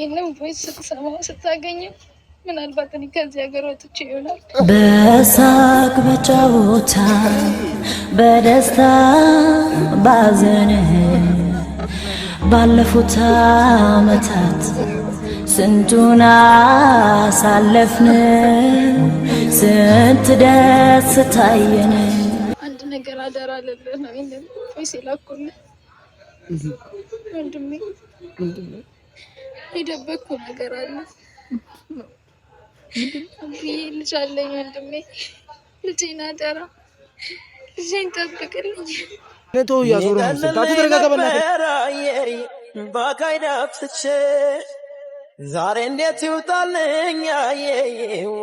ይህንም ቮይስ ስትሰማው ስታገኘው ምናልባት እኔ ከዚህ ሀገር ወጥቼ ይሆናል። በሳቅ በጨዋታ በደስታ ባዘን ባለፉት አመታት ስንቱን አሳለፍን፣ ስንት ደስ ታየን። አንድ ነገር አደራ አለልህ ነው ቮይስ የላኩልህ ወንድሜ የደበቅኩ ነገር አለ። አብዬ ልጅ አለኝ ወንድሜ፣ ልጄን አደራ ልጄን ጠብቅልኝ። ነቶ ያዞረ ዛሬ እንዴት ይውጣልኝ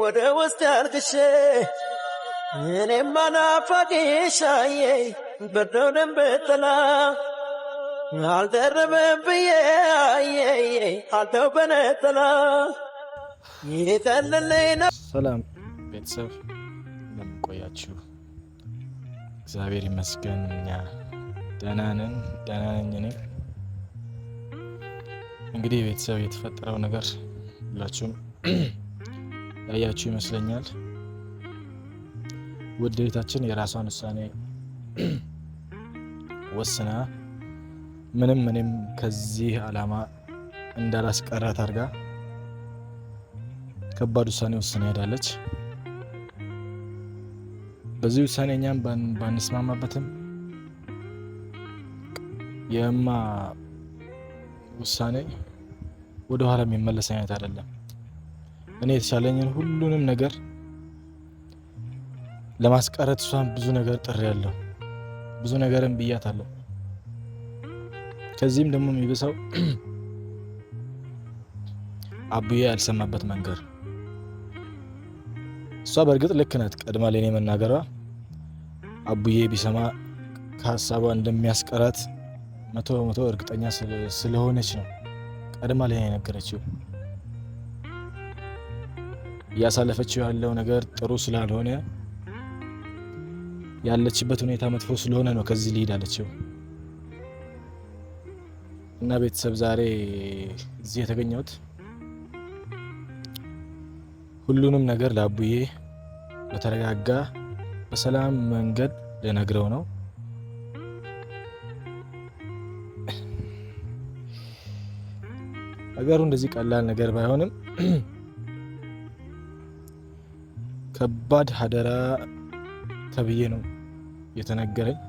ወደ ውስጥ አልቅሼ እኔማ ናፋቂሻዬ በደው ደንብ አልተረበም ብዬ አልተው በነጠላ ነው። ሰላም ቤተሰብ እንደምን እግዚአብሔር ይመስገን እኛ ደህና ነን፣ ደህና ነኝ እኔ። እንግዲህ ቤተሰብ የተፈጠረው ነገር ሁላችሁም ያያችሁ ይመስለኛል። ውድ ቤታችን የራሷን ውሳኔ ወስና ምንም እኔም ከዚህ ዓላማ እንዳላስቀራት አድርጋ ከባድ ውሳኔ ወስና ሄዳለች። በዚህ ውሳኔ እኛም ባንስማማበትም የእማ ውሳኔ ወደ ኋላ የሚመለስ አይነት አይደለም። እኔ የተቻለኝን ሁሉንም ነገር ለማስቀረት እሷን ብዙ ነገር ጥሬያለሁ፣ ብዙ ነገርም አለው። ከዚህም ደግሞ የሚብሰው አቡዬ ያልሰማበት መንገድ። እሷ በእርግጥ ልክ ናት፣ ቀድማ ለኔ መናገሯ አቡዬ ቢሰማ ከሀሳቧ እንደሚያስቀራት መቶ በመቶ እርግጠኛ ስለሆነች ነው ቀድማ ላይ የነገረችው። እያሳለፈችው ያለው ነገር ጥሩ ስላልሆነ ያለችበት ሁኔታ መጥፎ ስለሆነ ነው ከዚህ ልሂድ አለችው። እና ቤተሰብ ዛሬ እዚህ የተገኘሁት ሁሉንም ነገር ለአቡዬ በተረጋጋ በሰላም መንገድ ልነግረው ነው። ነገሩ እንደዚህ ቀላል ነገር ባይሆንም ከባድ ሀደራ ተብዬ ነው የተነገረኝ።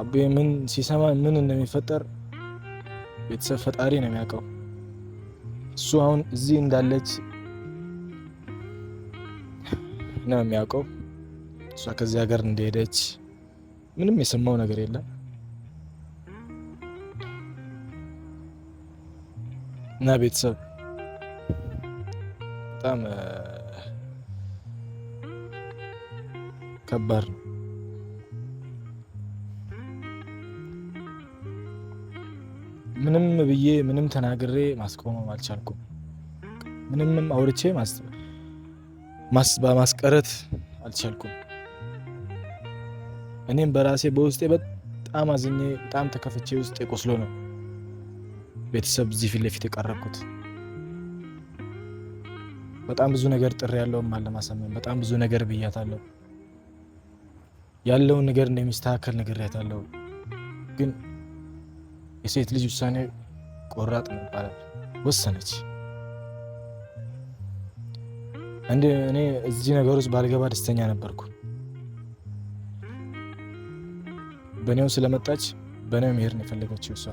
አቤ ምን ሲሰማ ምን እንደሚፈጠር ቤተሰብ ፈጣሪ ነው የሚያውቀው። እሱ አሁን እዚህ እንዳለች ነው የሚያውቀው። እሷ ከዚህ ሀገር እንደሄደች ምንም የሰማው ነገር የለም። እና ቤተሰብ በጣም ከባድ ነው። ምንም ብዬ ምንም ተናግሬ ማስቆመም አልቻልኩም። ምንምም አውርቼ ማስቀረት አልቻልኩም። እኔም በራሴ በውስጤ በጣም አዝኜ በጣም ተከፍቼ ውስጥ ቆስሎ ነው ቤተሰብ እዚህ ፊት ለፊት የቀረብኩት። በጣም ብዙ ነገር ጥሬ ያለውም አለማሰመን በጣም ብዙ ነገር ብያታለሁ። ያለውን ነገር እንደሚስተካከል ነገር ግን የሴት ልጅ ውሳኔ ቆራጥ ይባላል። ወሰነች። እንደ እኔ እዚህ ነገር ውስጥ ባልገባ ደስተኛ ነበርኩ። በእኔው ስለመጣች በእኔው መሄድ ነው የፈለገችው እሷ።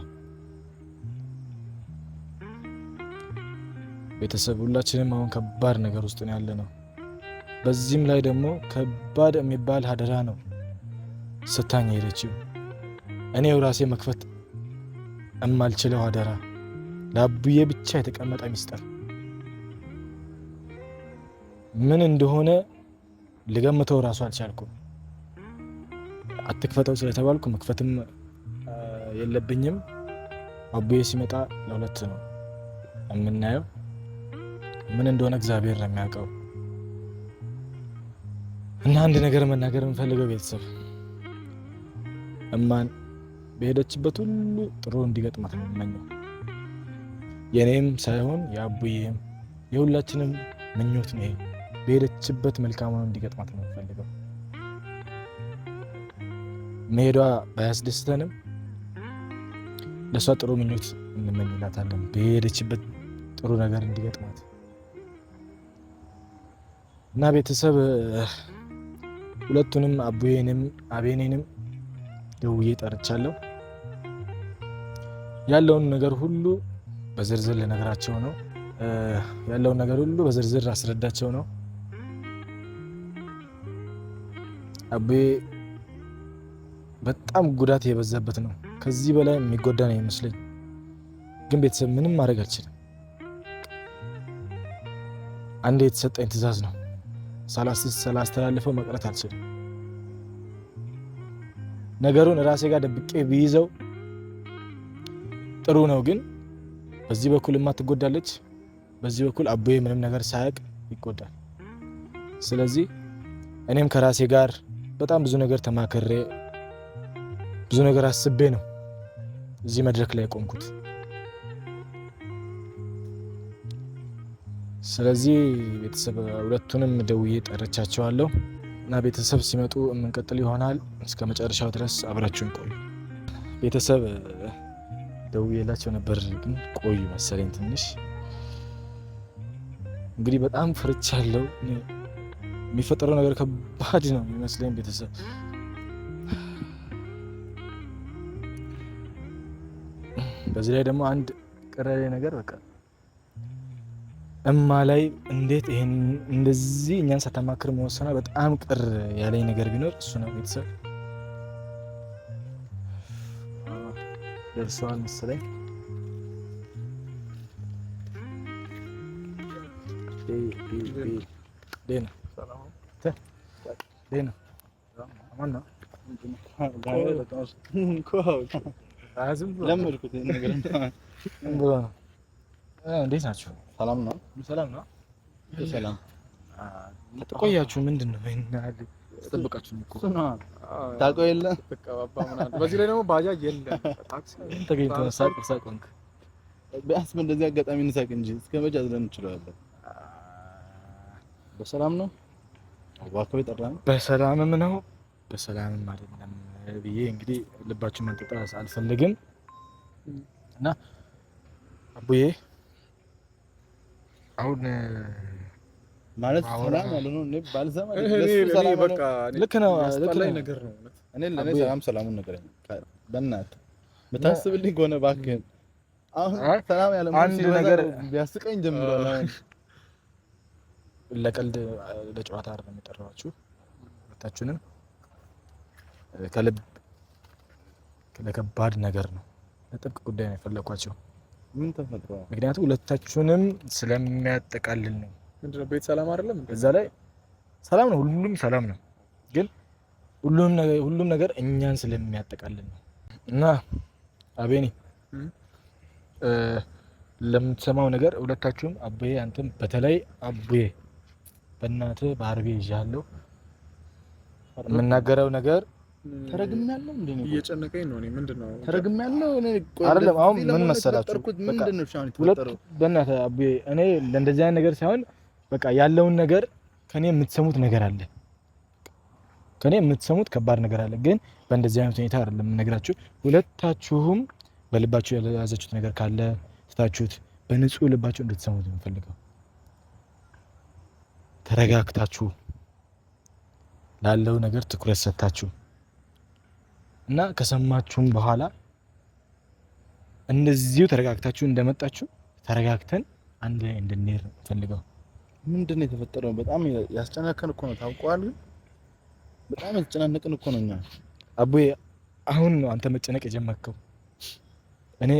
ቤተሰብ ሁላችንም አሁን ከባድ ነገር ውስጥ ነው ያለ ነው። በዚህም ላይ ደግሞ ከባድ የሚባል አደራ ነው ስታኝ ሄደችው። እኔው ራሴ መክፈት እማልችለው አደራ ለአቡዬ ብቻ የተቀመጠ ሚስጥር ምን እንደሆነ ልገምተው እራሱ አልቻልኩም። አትክፈተው ስለተባልኩ መክፈትም የለብኝም። አቡዬ ሲመጣ ለሁለት ነው የምናየው። ምን እንደሆነ እግዚአብሔር ነው የሚያውቀው። እና አንድ ነገር መናገር የምፈልገው ቤተሰብ እማን በሄደችበት ሁሉ ጥሩ እንዲገጥማት ነው የምመኘው። የእኔም ሳይሆን የአቡዬም የሁላችንም ምኞት ነው። በሄደችበት መልካም ሆኖ እንዲገጥማት ነው የምፈልገው። መሄዷ ባያስደስተንም ለእሷ ጥሩ ምኞት እንመኝላታለን። በሄደችበት ጥሩ ነገር እንዲገጥማት እና ቤተሰብ ሁለቱንም አቡዬንም አቤኔንም ደውዬ ጠርቻለሁ። ያለውን ነገር ሁሉ በዝርዝር ልነግራቸው ነው። ያለውን ነገር ሁሉ በዝርዝር አስረዳቸው ነው። አቤ በጣም ጉዳት የበዛበት ነው። ከዚህ በላይ የሚጎዳ ነው ይመስለኝ። ግን ቤተሰብ ምንም ማድረግ አልችልም። አንዴ የተሰጠኝ ትዕዛዝ ነው። ሳላስተላልፈው መቅረት አልችልም። ነገሩን ራሴ ጋር ደብቄ ብይዘው ጥሩ ነው ግን በዚህ በኩል እማ ትጎዳለች፣ በዚህ በኩል አቡዬ ምንም ነገር ሳያውቅ ይጎዳል። ስለዚህ እኔም ከራሴ ጋር በጣም ብዙ ነገር ተማክሬ ብዙ ነገር አስቤ ነው እዚህ መድረክ ላይ የቆምኩት። ስለዚህ ቤተሰብ ሁለቱንም ደውዬ ጠረቻቸዋለሁ እና ቤተሰብ ሲመጡ የምንቀጥል ይሆናል። እስከ መጨረሻው ድረስ አብራችሁን ቆዩ ቤተሰብ ደውዬላቸው ነበር፣ ግን ቆዩ መሰለኝ ትንሽ። እንግዲህ በጣም ፈርቻለሁ። የሚፈጠረው ነገር ከባድ ነው የሚመስለኝ ቤተሰብ በዚህ ላይ ደግሞ አንድ ቅር ያለ ነገር በቃ እማ ላይ እንዴት ይሄን እንደዚህ እኛን ሳታማክር መወሰኗ በጣም ቅር ያለኝ ነገር ቢኖር እሱ ነው ቤተሰብ الرسول السلام بيل بيل بيل دينا سلام ته دينا عملنا كوك لازم لما الكتين እንዴት ናችሁ? ሰላም ነው? ሰላም ነው? ሰላም ተቆያችሁ? ምንድን ነው ይናል ተጠብቃችሁ እኮ ታውቀው የለ በዚህ ላይ ደግሞ ባጃጅ የለም። ተገኝተህ ሳቅ ሳቅ ሆንክ። ቢያንስ አጋጣሚ እንሳቅ እንጂ እስከ መቼ አዝለን በሰላም ነው አዋከው የጠራን በሰላምም ነው በሰላምም አይደለም ብዬ እንግዲህ ልባችን መንጠጣስ አልፈልግም እና አቡዬ አሁን ማለት ሰላም ያልሆነ ባልሰማ ልክ ነው። አስጠላኝ ነገር ነው። እኔ ለእኔ ሰላም ሰላሙን ነገር በእናትህ ብታስብልኝ ከሆነ እባክህን አሁን ሰላም ያለ አንድ ነገር ቢያስቀኝ ጀምሮ ለቀልድ ለጨዋታ አይደለም የጠራኋችሁ። ሁለታችሁንም ከልብ ለከባድ ነገር ነው ለጥብቅ ጉዳይ ነው የፈለኳቸው። ምን ተፈጥሮ ምክንያቱም ሁለታችሁንም ስለሚያጠቃልል ነው ምንድነው ቤት ሰላም አይደለም። እዛ ላይ ሰላም ነው፣ ሁሉም ሰላም ነው። ግን ሁሉም ነገር ሁሉም ነገር እኛን ስለሚያጠቃልን ነው። እና አቤኔ ለምትሰማው ነገር ሁለታችሁም አቡዬ፣ አንተም በተለይ አቡዬ፣ በእናትህ በአርቤ ይዣለሁ። የምናገረው ነገር ተረግሜያለሁ። እንዴ ነው እየጨነቀኝ ነው። እኔ ምንድነው ተረግሜያለሁ። እኔ አይደለም አሁን ምን መሰላችሁ፣ በቃ ሁለት በእናትህ አቡዬ፣ እኔ ለእንደዚህ አይነት ነገር ሳይሆን በቃ ያለውን ነገር ከኔ የምትሰሙት ነገር አለ ከኔ የምትሰሙት ከባድ ነገር አለ። ግን በእንደዚህ አይነት ሁኔታ አይደለም የምነግራችሁ። ሁለታችሁም በልባችሁ ያለያዛችሁት ነገር ካለ ትታችሁት በንጹህ ልባችሁ እንድትሰሙት የምፈልገው ተረጋግታችሁ ላለው ነገር ትኩረት ሰጥታችሁ እና ከሰማችሁም በኋላ እንደዚሁ ተረጋግታችሁ እንደመጣችሁ ተረጋግተን አንድ ላይ እንድንሄድ ፈልገው ምንድን ነው የተፈጠረው? በጣም ያስጨነቀን እኮ ነው ታውቀዋለህ። በጣም ያስጨናነቅን እኮ ነው እኛ። አቡዬ አሁን ነው አንተ መጨነቅ የጀመርከው። እኔ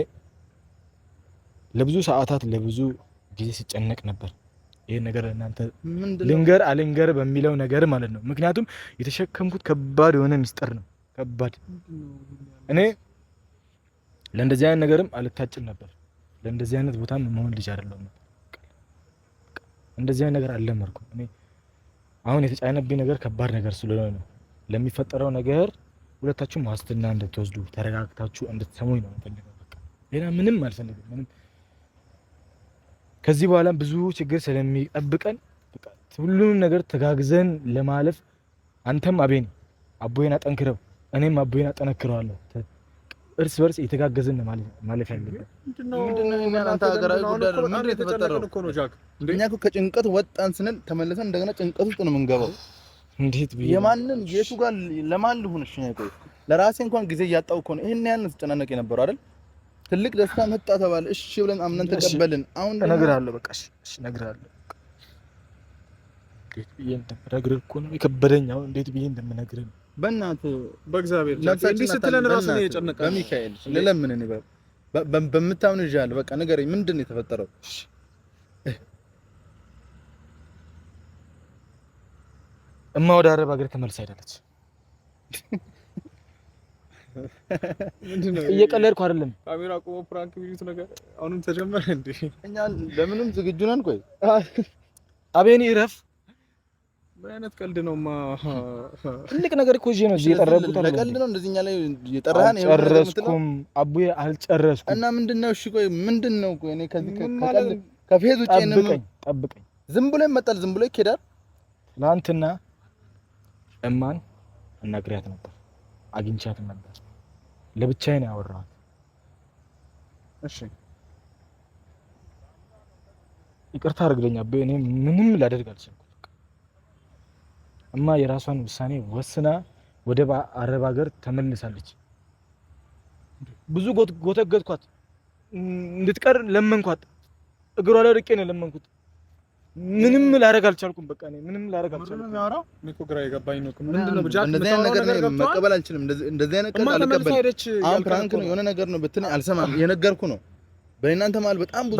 ለብዙ ሰዓታት ለብዙ ጊዜ ሲጨነቅ ነበር። ይሄ ነገር እናንተ ልንገር አልንገር በሚለው ነገር ማለት ነው። ምክንያቱም የተሸከምኩት ከባድ የሆነ ሚስጥር ነው። ከባድ እኔ ለእንደዚህ አይነት ነገርም አልታጭም ነበር። ለእንደዚህ አይነት ቦታም መሆን ልጅ አይደለሁም ነበር እንደዚህ ነገር አልለመድኩም እኔ። አሁን የተጫነብኝ ነገር ከባድ ነገር ስለሆነ ነው። ለሚፈጠረው ነገር ሁለታችሁም ዋስትና እንድትወስዱ ተረጋግታችሁ እንድትሰሙኝ ነው የምፈልገው። በቃ ሌላ ምንም አልፈልግም። ምንም ከዚህ በኋላ ብዙ ችግር ስለሚጠብቀን ሁሉንም ነገር ተጋግዘን ለማለፍ አንተም አቤን አቦዬን አጠንክረው፣ እኔም አቦዬን አጠነክረዋለሁ። እርስ በርስ የተጋገዝን ማለፍ ያለብን እኛ እኮ ከጭንቀት ወጣን ስንል ተመለሰን እንደገና ጭንቀት ውስጥ ነው የምንገባው። እንዴት ብዬ የማንን የቱ ጋር ለማን ልሁን? እሺ ለራሴ እንኳን ጊዜ እያጣሁ እኮ ነው ይሄን ያህል ስጨናነቅ የነበረው አይደል? ትልቅ ደስታ መጣ ተባለ፣ እሺ ብለን አምነን ተቀበልን። አሁን እነግርሃለሁ፣ በቃ እሺ፣ እሺ እነግርሃለሁ። እንዴት ብዬ እንደምነግርህ እኮ ነው የከበደኝ። አሁን እንዴት ብዬ እንደምነግርህ ነው በእናት በእግዚአብሔር እንዲህ ስትለን ራሱ ነው የጨነቀ። በሚካኤል ለምን ነው በምታምን ይዣል። በቃ ንገረኝ፣ ምንድን ነው የተፈጠረው? እማ ወደ አረብ ሀገር ተመልሳ ሄዳለች። እየቀለድኩ አይደለም። ካሜራ ቆሞ ፕራንክ ቪዲዮት ነገር አሁንም ተጀመረ እንዴ? እኛ ለምንም ዝግጁ ነን። ቆይ አቤኒ እረፍ ምን አይነት ቀልድ ነው? ማ ትልቅ ነገር እኮ ነው እዚህ የጠረኩት። ለቀልድ ነው እንደዚህ እኛ ላይ የጠራህን። አልጨረስኩም አቡዬ፣ አልጨረስኩም። እና ምንድን ነው? እሺ ቆይ ምንድን ነው? ቆይ እኔ ከዚህ ከቀልድ ከፌዝ ውጪ ነው። ጠብቀኝ ጠብቀኝ። ዝም ብሎ ይመጣል፣ ዝም ብሎ ይኬዳል። ትናንትና እማን አናግሪያት ነበር፣ አግኝቻት ነበር። ለብቻዬ ነው ያወራኋት። እሺ ይቅርታ አድርግልኝ አቡዬ፣ እኔ ምንም ላደርግ አልችልም። እማ የራሷን ውሳኔ ወስና ወደ አረብ ሀገር ተመልሳለች። ብዙ ጎተጎትኳት፣ እንድትቀር ለመንኳት። እግሯ ላይ ወድቄ ነው ለመንኩት። ምንም ላደርግ አልቻልኩም። በቃ እኔ ምንም ላደርግ አልቻልኩም። ግራ የገባኝ ነው። መቀበል አልችልም። እንደዚህ አይነት ነገር አልቀበልም። አሁን ፕራንክ ነው የሆነ ነገር ነው ብትለኝ አልሰማም። የነገርኩ ነው። በእናንተ መሀል በጣም ብዙ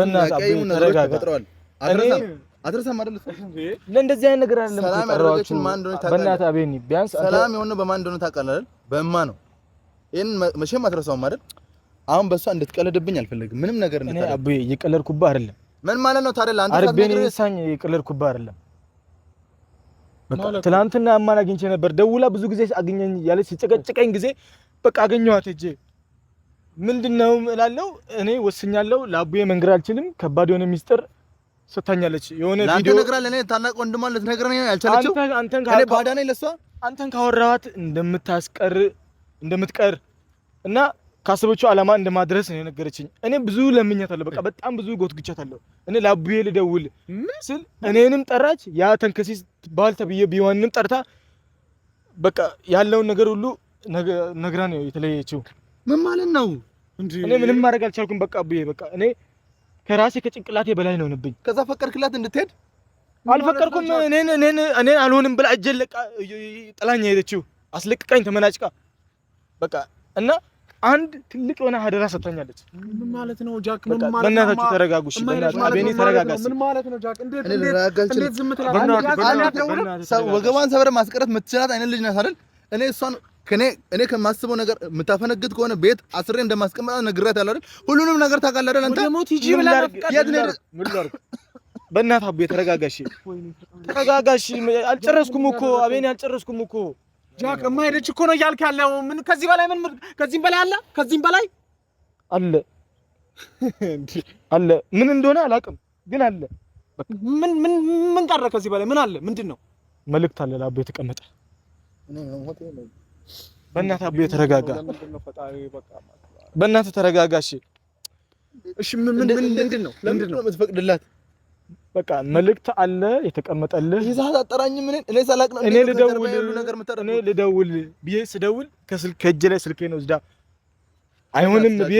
ነገሮች ተፈጥረዋል። አድረሰም አይደል ለእንደዚህ አይነት ነገር አይደለም። ሰላም ያደረገችን ማን እንደሆነ ታውቃለህ? በእናትህ አቤኒ፣ ቢያንስ ሰላም የሆነ በማን እንደሆነ ታውቃለህ አይደል? በእማ ነው። ይሄን መቼም አትረሳውም አይደል? አሁን በእሷ እንድትቀለድብኝ አልፈልግም። ምንም ነገር እንድታደርግ አቡዬ፣ እየቀለድኩብህ አይደለም። ምን ማለት ነው ታዲያ? ለአንተ ታውቃለህ ሳኝ እየቀለድኩብህ አይደለም። በቃ ትናንትና እማን አግኝቼ ነበር። ደውላ ብዙ ጊዜ አግኘኝ ያለች ሲጨቀጭቀኝ ጊዜ በቃ አገኘኋት ሂጅ ምንድነው እላለሁ። እኔ ወስኛለሁ። ለአቡዬ መንገር አልችልም። ከባድ የሆነ ሚስጥር ስታኛለች የሆነ ቪዲዮ ነግራለ እኔ ታላቅ ወንድሟ ልትነግረኝ ያልቻለችው እኔ ባዳ ነኝ ለሷ አንተን ካወራኋት እንደምታስቀር እንደምትቀር እና ካሰበችው አላማ እንደማድረስ ነው የነገረችኝ። እኔ ብዙ ለምኛታለሁ፣ በቃ በጣም ብዙ ጎትጉቻታለሁ። እኔ ለአቡዬ ልደውል ስል እኔንም ጠራች። ያ ተንከሲስ ባል ተብዬ ቢዋንም ጠርታ በቃ ያለውን ነገር ሁሉ ነግራ ነው የተለየችው። ምን ማለት ነው? እኔ ምንም ማድረግ አልቻልኩም። በቃ አቡዬ በቃ እኔ ከራሴ ከጭንቅላቴ በላይ ነው ነብኝ። ከዛ ፈቀድክላት እንድትሄድ? አልፈቀድኩም። እኔን እኔን እኔን አልሆንም ብላ እጄን ለቃ ጥላኝ ሄደችው። አስለቅቃኝ ተመናጭቃ በቃ እና አንድ ትልቅ የሆነ ሀደራ ሰጥታኛለች። ምን ማለት ነው ጃክ? ምን ማለት ነው? በእናታችሁ ተረጋጉ። እሺ በእናታችሁ አቤኔ ተረጋጋ። ምን ማለት ነው ጃክ? እንዴት እንዴት እንዴት ዝም ትላለህ? ወገቧን ሰብረህ ማስቀረት የምትችላት አይነት ልጅ ናት አይደል? እኔ እሷን ከኔ እኔ ከማስበው ነገር የምታፈነግጥ ከሆነ ቤት አስሬ እንደማስቀመጣት ነግራት ያለ አይደል? ሁሉንም ነገር ታውቃለህ አይደል? አንተ በእናትህ አቤ ተረጋጋሽ፣ ተረጋጋሽ። አልጨረስኩም እኮ አቤኔ፣ አልጨረስኩም እኮ ጃክ። የማይሄደች እኮ ነው እያልክ ያለው። ምን ከዚህ በላይ ምን ከዚህም በላይ አለ? ከዚህም በላይ አለ አለ። ምን እንደሆነ አላውቅም፣ ግን አለ። ምን ምን ምን ቀረ? ከዚህ በላይ ምን አለ? ምንድን ነው መልእክት አለ ለአቤ የተቀመጠ በእናት አብዬ ተረጋጋ። በእናት ተረጋጋሽ። እሺ ምን ምን ምንድን ነው ለምንድን ነው የምትፈቅድላት? በቃ መልእክት አለ የተቀመጠልህ። ይዛ አጠራኝ ምን እኔ ሳላቅ ነው እኔ ልደውል እኔ ልደውል ብዬ ስደውል ከስልክ ከእጄ ላይ ስልኬ ነው ዝዳ አይሆንም ብዬ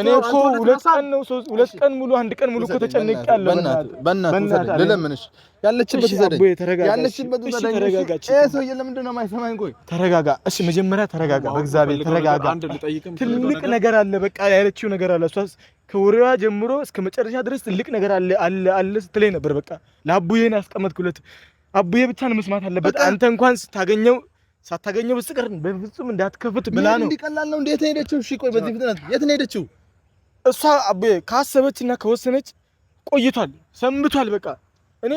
እኔ እኮ ሁለት ቀን ነው ሁለት ቀን ሙሉ አንድ ቀን ሙሉ እኮ ተጨንቄያለሁ። በእናትህ በእናትህ ልለምንሽ ያለችበት ዘዴ ያለችበት ዘዴ ለምንድን ነው የማይሰማኝ? ቆይ ተረጋጋ። እሺ፣ መጀመሪያ ተረጋጋ፣ በእግዚአብሔር ተረጋጋ። ትልቅ ነገር አለ፣ በቃ ያለችው ነገር አለ። እሷስ ከወሬዋ ጀምሮ እስከ መጨረሻ ድረስ ትልቅ ነገር አለ አለ አለ ስትለኝ ነበር። በቃ ለአቡዬን ያስቀመጥኩለት አቡዬ ብቻ ነው መስማት አለበት። አንተ እንኳን ስታገኘው ሳታገኘው በስተቀር በፍጹም እንዳትከፍት ብላ ነው። እንዲቀላል ነው። እንዴት ሄደችው? እሺ ቆይ፣ በዚህ ፍጥነት የት ነው ሄደችው? እሷ ካሰበች እና ከወሰነች ቆይቷል፣ ሰምቷል። በቃ እኔ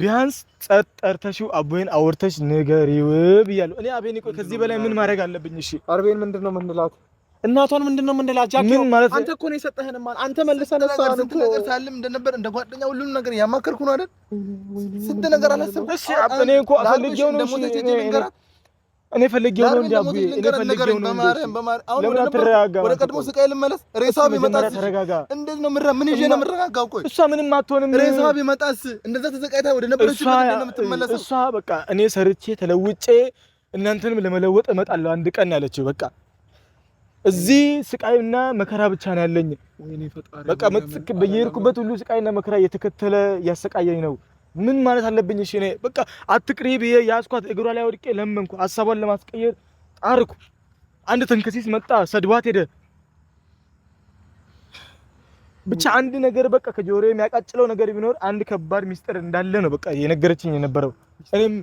ቢያንስ ጸጥ ጠርተሽው አቦዬን አውርተሽ ንገሪው ብያለሁ። እኔ አቤኒ ቆይ ከዚህ በላይ ምን ማድረግ አለብኝ? እሺ አርቤን ምንድን ነው የምንላት? እናቷን ምንድን ነው የምንላት? ጃኪ አንተ እኮ ነው የሰጠህን ማለት አንተ መልሰህ ነው ሰው አንተ ነገር ሳለም እንደነበር እንደ ጓደኛ ሁሉ ነገር ያማከርኩ ነው አይደል? ስንት ነገር አላሰብኩም። እሺ እኔ እኮ ፈልጌው ነው። እሺ እኔ ፈልጌው ነው። እንዲያው እኔ ፈልጌው ነው። በማርያም በማርያም አሁን ወደ ተረጋጋ፣ ወደ ቀድሞ ስቃይ ልመለስ። ሬሳ ቢመጣስ እንዴት ነው ምራ ምን ይዤ ነው የምረጋጋው? ቆይ እሷ ምንም አትሆንም። ሬሳ ቢመጣስ እንደዛ ተዘቃይታ ወደ ነበረች ምን ነው የምትመለሰው? እሷ በቃ እኔ ሰርቼ ተለውጬ እናንተንም ለመለወጥ እመጣለሁ አንድ ቀን ያለችው በቃ እዚህ ስቃይና መከራ ብቻ ነው ያለኝ። በቃ መጥክ በየሄድኩበት ሁሉ ስቃይና መከራ እየተከተለ እያሰቃየኝ ነው። ምን ማለት አለብኝ? እሺ እኔ በቃ አትቅሪ ብዬ ያዝኳት፣ እግሯ ላይ ወድቄ ለመንኩ፣ ሀሳቧን ለማስቀየር ጣርኩ። አንድ ተንከሲስ መጣ፣ ሰድባት ሄደ። ብቻ አንድ ነገር በቃ ከጆሮ የሚያቃጭለው ነገር ቢኖር አንድ ከባድ ሚስጥር እንዳለ ነው በቃ የነገረችኝ የነበረው። እኔም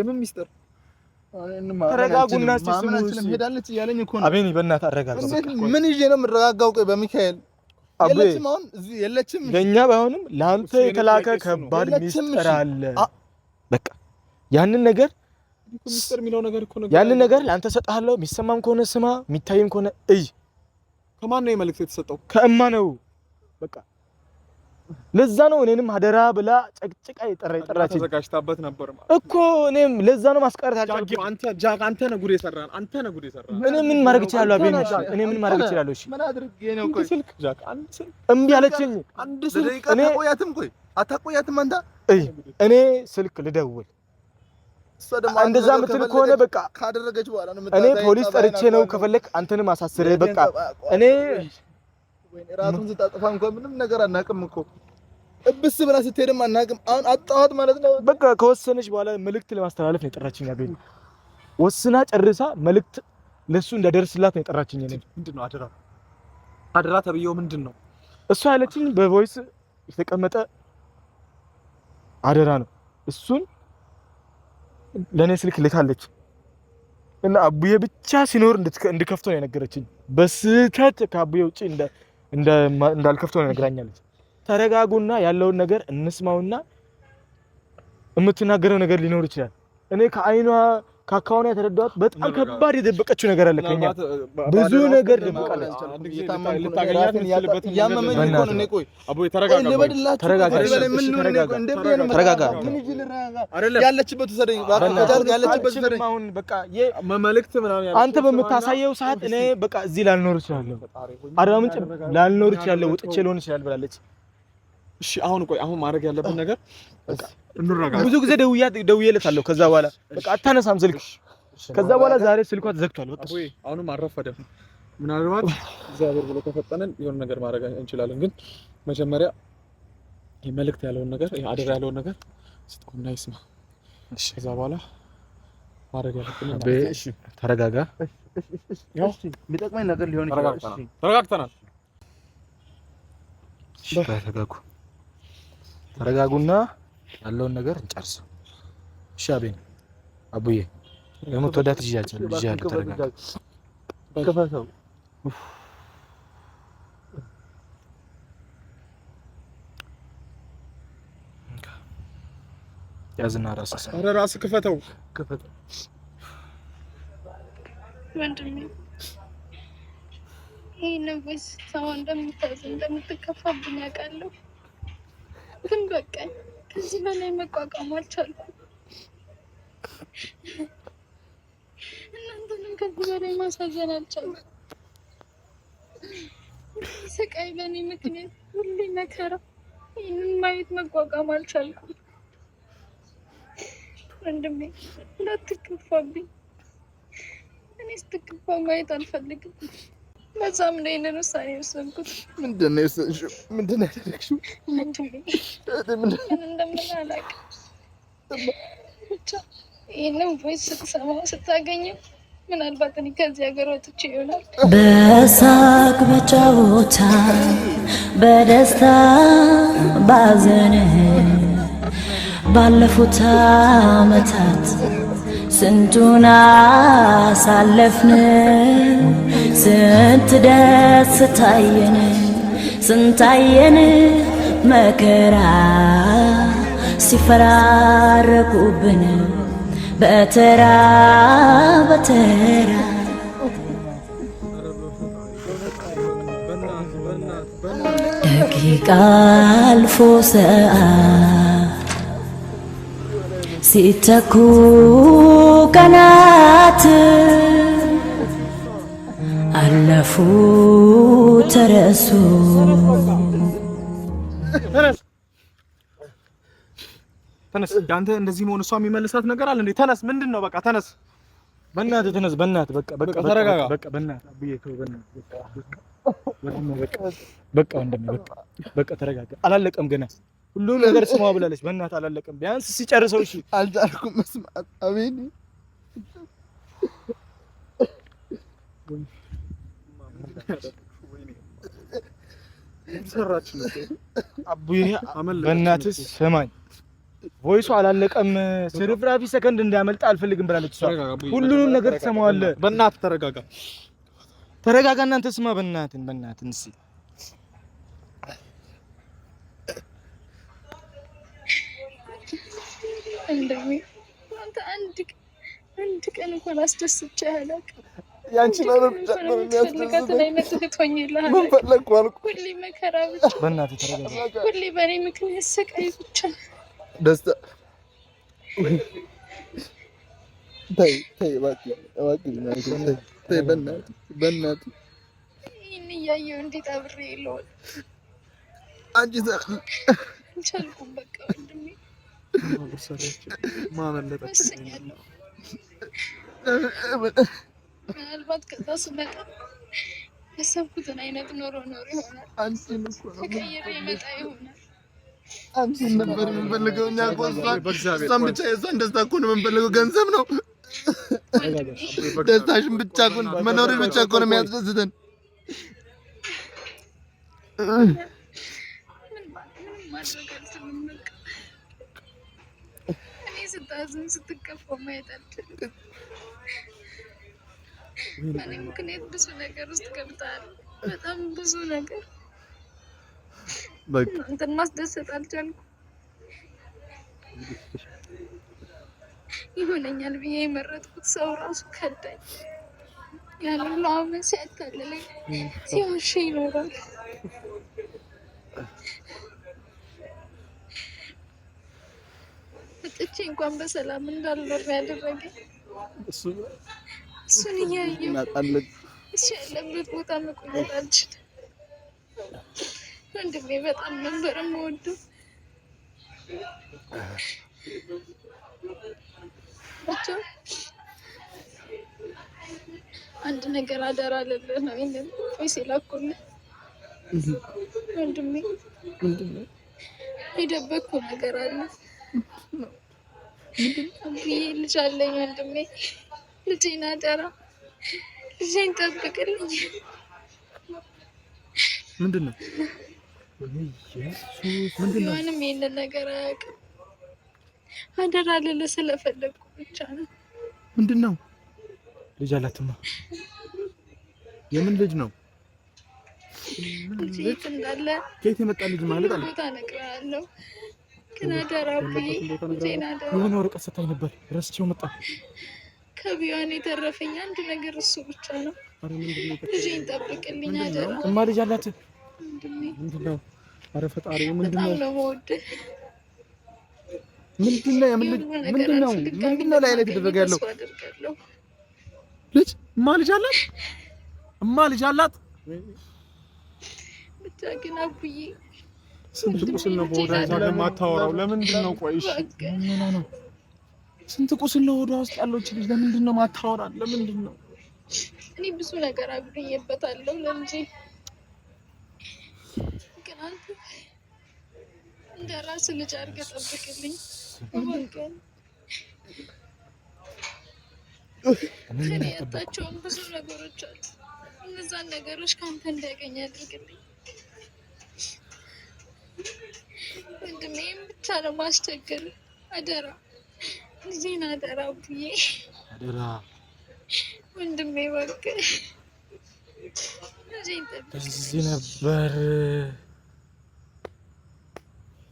የምን ሚስጥር ተረጋጉና ሄዳለች እያለኝ እኮ ነው። አቤኔ በእናትህ አረጋጋ። ምን ይዤ ነው የምረጋጋው? ቆይ በሚካኤል የለችም፣ አሁን የለችም። ለእኛ ባይሆንም ለአንተ የተላከ ከባድ ሚስጥር አለ። በቃ ያንን ነገር ያንን ነገር ለአንተ እሰጥሃለሁ። የሚሰማም ከሆነ ስማ፣ የሚታይም ከሆነ እይ። ከማን ነው የመልእክት የተሰጠው? ከእማ ነው በቃ ለዛ ነው እኔንም አደራ ብላ ጨቅጭቃ የጠራ የጠራች ተዘጋጅታበት ነበር ማለት እኮ። እኔም ለዛ ነው ማስቀረት አልቻልኩም። አንተ ጃክ፣ አንተ ነህ ጉድ የሰራን፣ አንተ ነህ ጉድ የሰራን። እኔ ምን ማድረግ እችላለሁ? አቤል፣ እኔ ምን ማድረግ እችላለሁ? እሺ፣ ምን ስልክ ጃክ፣ አንድ ስልክ እምቢ አለችኝ። አንድ ስልክ እኔ ቆያትም፣ ቆይ አታቆያትም አንተ። እይ እኔ ስልክ ልደውል እንደዛ ምትል ከሆነ በቃ ካደረገች በኋላ ነው እኔ ፖሊስ ጠርቼ ነው ከፈለክ አንተንም አሳስሬ በቃ እኔ ራቱን ስታጥፋ እንኳን ምንም ነገር አናውቅም እኮ እብስ ብላ ስትሄድም አናውቅም። አሁን አጣኋት ማለት ነው። በቃ ከወሰነች በኋላ መልእክት ለማስተላለፍ ነው የጠራችኝ። ቤት ወስና ጨርሳ መልእክት ለሱ እንዳደርስላት ነው የጠራችኝ። እኔ ምንድን ነው አደራ አደራ ተብዬው ምንድን ነው እሱ ያለችኝ በቮይስ የተቀመጠ አደራ ነው። እሱን ለእኔ ስልክ ልካለች እና አቡዬ ብቻ ሲኖር እንድከፍቶ ነው የነገረችኝ። በስህተት ከአቡዬ ውጭ እንዳልከፍተው ነግራኛለች። ተረጋጉና ያለውን ነገር እንስማውና የምትናገረው ነገር ሊኖር ይችላል። እኔ ከአይኗ ካካውን የተረዳኋት በጣም ከባድ የደበቀችው ነገር አለ። ከኛ ብዙ ነገር ደብቃለች። አንተ በምታሳየው ሰዓት እኔ በቃ እዚህ ላልኖር እችላለሁ፣ አርባ ምንጭ ላልኖር እችላለሁ፣ ወጥቼ ልሆን ይችላል ብላለች። እሺ አሁን ቆይ አሁን ማድረግ ያለብን ነገር ብዙ ጊዜ ደውያ ደውዬ ልታለሁ። ከዛ በኋላ በቃ አታነሳም ስልክ። ከዛ በኋላ ዛሬ ስልኳ ተዘግቷል። በቃ አሁንም አረፈደም። ምናልባት እግዚአብሔር ብሎ ከፈጠነን የሆነ ነገር ማድረግ እንችላለን። ግን መጀመሪያ የመልእክት ያለውን ነገር አደራ ያለውን ነገር ስጠውና ይስማ። ከዛ በኋላ ማድረግ ያለብን ተረጋጋ። የሚጠቅመኝ ነገር ሊሆን ይችላል። ተረጋግተናል። ተረጋጉ፣ ተረጋጉና ያለውን ነገር እንጨርስ። እሺ አቤን አቡዬ የምትወዳት ልጃችን ልጅ ያለ ያዝና ኧረ ክፈተው ክፈተው። ወንድሜ ሰው እንደምታዝ እንደምትከፋብኝ በቃ ከዚህ በላይ መቋቋም አልቻልኩም። እናንተንም ከዚህ በላይ ማሳዘን አልቻልኩም። ስቃይ በእኔ ምክንያት ሁሌ መከራ፣ ይህንን ማየት መቋቋም አልቻልኩም። ወንድሜ እንዳትከፋብኝ፣ እኔ ስትከፋ ማየት አልፈልግም። ለዛም ነው ይሄንን ውሳኔ የወሰንኩት። ምንድን ነው የወሰንሽው? ምንድን ነው ያደረግሽው? እንደምን አላውቅም። ብቻ ይህንን ቮይስ ስትሰማው ስታገኘው ምናልባት እኔ ከዚህ ሀገር ወጥቼ ይሆናል። በሳቅ በጨዋታ በደስታ ባዘንህ ባለፉት ዓመታት ስንቱን አሳለፍን። ስንት ደስታየን ስንታየን መከራ ሲፈራረቁብን በተራ በተራ ደቂቃ አልፎ ሰዓት ሲተኩ ቀናት አለፉ ተረሱ ተነስ ያንተ እንደዚህ መሆን እሷ የሚመልሳት ነገር አለ እንዴ? ተነስ ምንድን ነው? በቃ ተነስ፣ በእናትህ ተነስ፣ በእናትህ በቃ በቃ ተረጋጋ፣ በቃ በእናትህ በቃ ወንድሜ በቃ በቃ ተረጋጋ። አላለቀም ገና ሁሉም ነገር ስማ ብላለች። በእናትህ አላለቀም፣ ቢያንስ ሲጨርሰው። እሺ አልቻልኩም መስማት አቤኔ በእናትህ ስማኝ፣ ቮይሱ አላለቀም። ስርፍራፊ ሰከንድ እንዳያመልጥ አልፈልግም ብላለች። ሁሉንም ነገር ትሰማዋለህ። በእናትህ ተረጋጋ፣ ተረጋጋ። እናንተ ስማ፣ በእናትህ በእናትህ እስኪ አንድ ቀን እንኳን አስደስቼ አላውቅም። ያንቺ መኖር ብቻ ነው የሚያስደስተኝ። ምን ፈለግኩ አልኩ። ሁሌ መከራ ብቻ፣ በእናትህ ተረጋጋ። ሁሌ በእኔ ምክንያት ስቃይ ብቻ። ደስታ ተይ ተይ፣ እባክህ እባክህ፣ ተይ በእናትህ በእናትህ። ይህን እያየሁ እንዴት አብሬ የለውም። አንቺ አልቻልኩም። በቃ ወንድሜ ማመለጥ ምናልባት ከዛ ስመጣ ያሰብኩትን አይነት ኖሮ ኖሮ ይሆናል። ተቀይሬ ይመጣ ይሆናል። አንቺን ነበር የምንፈልገው እኛ እኮ እሷን ብቻ የእሷን ደስታ እኮ ነው የምንፈልገው። ገንዘብ ነው ደስታሽን ብቻ እኮ መኖርሽ ብቻ እኮ ነው የሚያስደስተን። እኔ ስታዝን ስትከፋ ማየት አልችልም። በእኔ ምክንያት ብዙ ነገር ውስጥ ገብተሃል። በጣም ብዙ ነገር እንትን ማስደሰት አልቻልኩም። ይሆነኛል ብዬ የመረጥኩት ሰው ራሱ ከዳኝ። ያለ ሁሉ አመት ሲያታልለኝ ሲዋሽ ይኖራል። እጥቼ እንኳን በሰላም እንዳልኖር ያደረገኝ እሱን እያየሁ እሱ ያለበት ቦታ መቆየት አልችልም። ወንድሜ በጣም ነበረ የምወደው። አንድ ነገር አደራ አለልህ ነው ይሄን ወይስ የላኩልህ ወንድሜ? የደበቅኩ ነገር አለ ብዬ ልጅ አለኝ ወንድሜ ልጄን አደራ፣ ልጄን ጠብቅልኝ። ምንድን ነው ምንም ይሄንን ነገር አያውቅም። አደራ ልልህ ስለፈለግኩ ብቻ ነው። ምንድን ነው ልጅ አላትማ። የምን ልጅ ነው? ከየት የመጣ ልጅ ማለት አለ። እነግርሃለሁ ግን አደራ ብዬሽ ልጄን አደራ። የሆነ ወረቀት ሰታኝ ነበር ረስቼው መጣሁ። ከቢዋን የተረፈኝ አንድ ነገር እሱ ብቻ ነው። ልጄን ጠብቅልኝ አደራ። እማ ልጅ አላት። ምንድን ነው? አረ ፈጣሪ ምንድን ነው? በጣም ነው ምንድን ነው? ምንድን ነው? ምንድን ነው ላይ ላይ የተደረገ ያለው? ልጅ እማ ልጅ አላት። እማ ልጅ አላት። ብቻ ግን አቡዬ ስንት ቁስል ነው በወዳጅ አለ የማታወራው? ለምንድን ነው? ቆይሽ እሺ ምን ነው ስንት ቁስል ለሆዷ ውስጥ ያለች ልጅ ለምንድን ነው ማታወራ? ለምንድን ነው እኔ ብዙ ነገር አግኝበታለሁ ለልጄ ግን አንተ እንደ ልጅ አድርገህ ጠብቅልኝ። ያጣቸውን ብዙ ነገሮች አሉ። እነዛን ነገሮች ከአንተ እንዲያገኝ አድርግልኝ። ወንድሜም ብቻ ነው ማስቸገር አደራ። ልጄን አደራ አደራ ወንድሜ፣ እዚህ ነበር።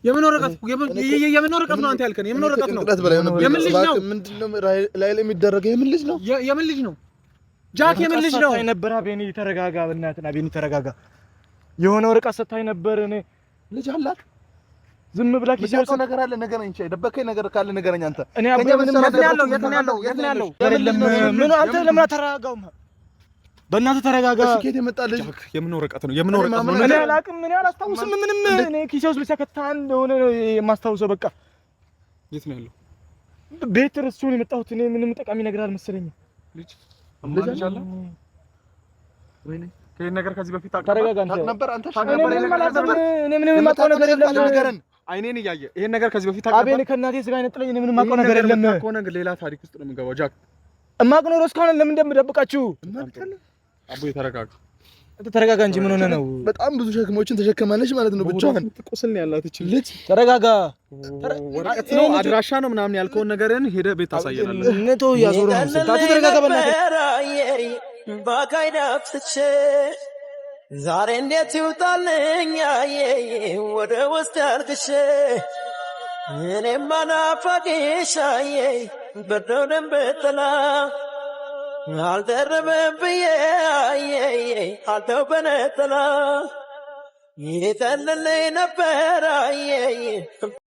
የምን ወረቀት የምን ወረቀት ነው አንተ ያልከን? የምን ወረቀት ነው? የምን ልጅ ነው? ምንድነው ላይ ላይ የሚደረገው? የምን ልጅ ነው? የምን ልጅ ነው? ጃክ የምን ልጅ ነው? ነበር ተረጋጋ። በእናትህ አቤኔ ተረጋጋ። የሆነ ወረቀት ሰታኝ ነበር። እኔ ልጅ አላት ዝም ብላክ ይሰውስ ነገር አለ ነገር እንጂ ደበከኝ ነገር ካለ ንገረኝ። አንተ እኔ አባ ምንም ነገር ያለው የት ያለው የት ምን አንተ ለምን አተረጋጋውም? በእናትህ ተረጋጋ። ስኬት የመጣ ልጅ የምን ወረቀት ነው የምን ወረቀት ነው? እኔ አላውቅም። እኔ አላስታውስም ምንም። እኔ ኪሴውስ ብቻ ከታን ሆነ የማስታውሰው በቃ የት ነው ያለው? ቤት እሱ ነው የመጣሁት። እኔ ምንም ጠቃሚ ነገር አልመሰለኝም። ልጅ ልጅ አለ ወይኔ ከዚህ ነገር ከዚህ በፊት ታውቅ ነበር አንተ? ነበር። እኔ ምንም የማውቀው ነገር የለም። አይኔን እያየ ይሄን ነገር ከዚህ በፊት አቤል ከእናቴ ስጋ አይነጥለኝ። እኔ ምንም አውቀው ነገር የለም እኮ ነገር ሌላ ታሪክ ውስጥ ነው የምንገባው። ጃክ እማቅ ኖሮ እስካሁን ለምን እንደምደብቃችሁ። አቡ ተረጋጋ፣ አንተ ተረጋጋ እንጂ ምን ሆነ ነው? በጣም ብዙ ሸክሞችን ተሸከማለች ማለት ነው። ብቻዋን ቁስል ነው ያላት እቺ ልጅ። ተረጋጋ። ወረቀት ነው አድራሻ ነው ምናምን ያልከውን ነገርን ሄደ ቤት ታሳየናለህ። ነቶ ያዞሩ ነው። ተረጋጋ በእናትህ ባካይዳፍቼ ዛሬ እንዴት ይውጣልኝ አዬ ወደ ውስጥ አልቅሼ እኔ ናፋቂሽ አዬ በደው ደንብ ጥላ አልደረበም ብዬ አልተው በነጠላ ይጠልልኝ ነበር አየ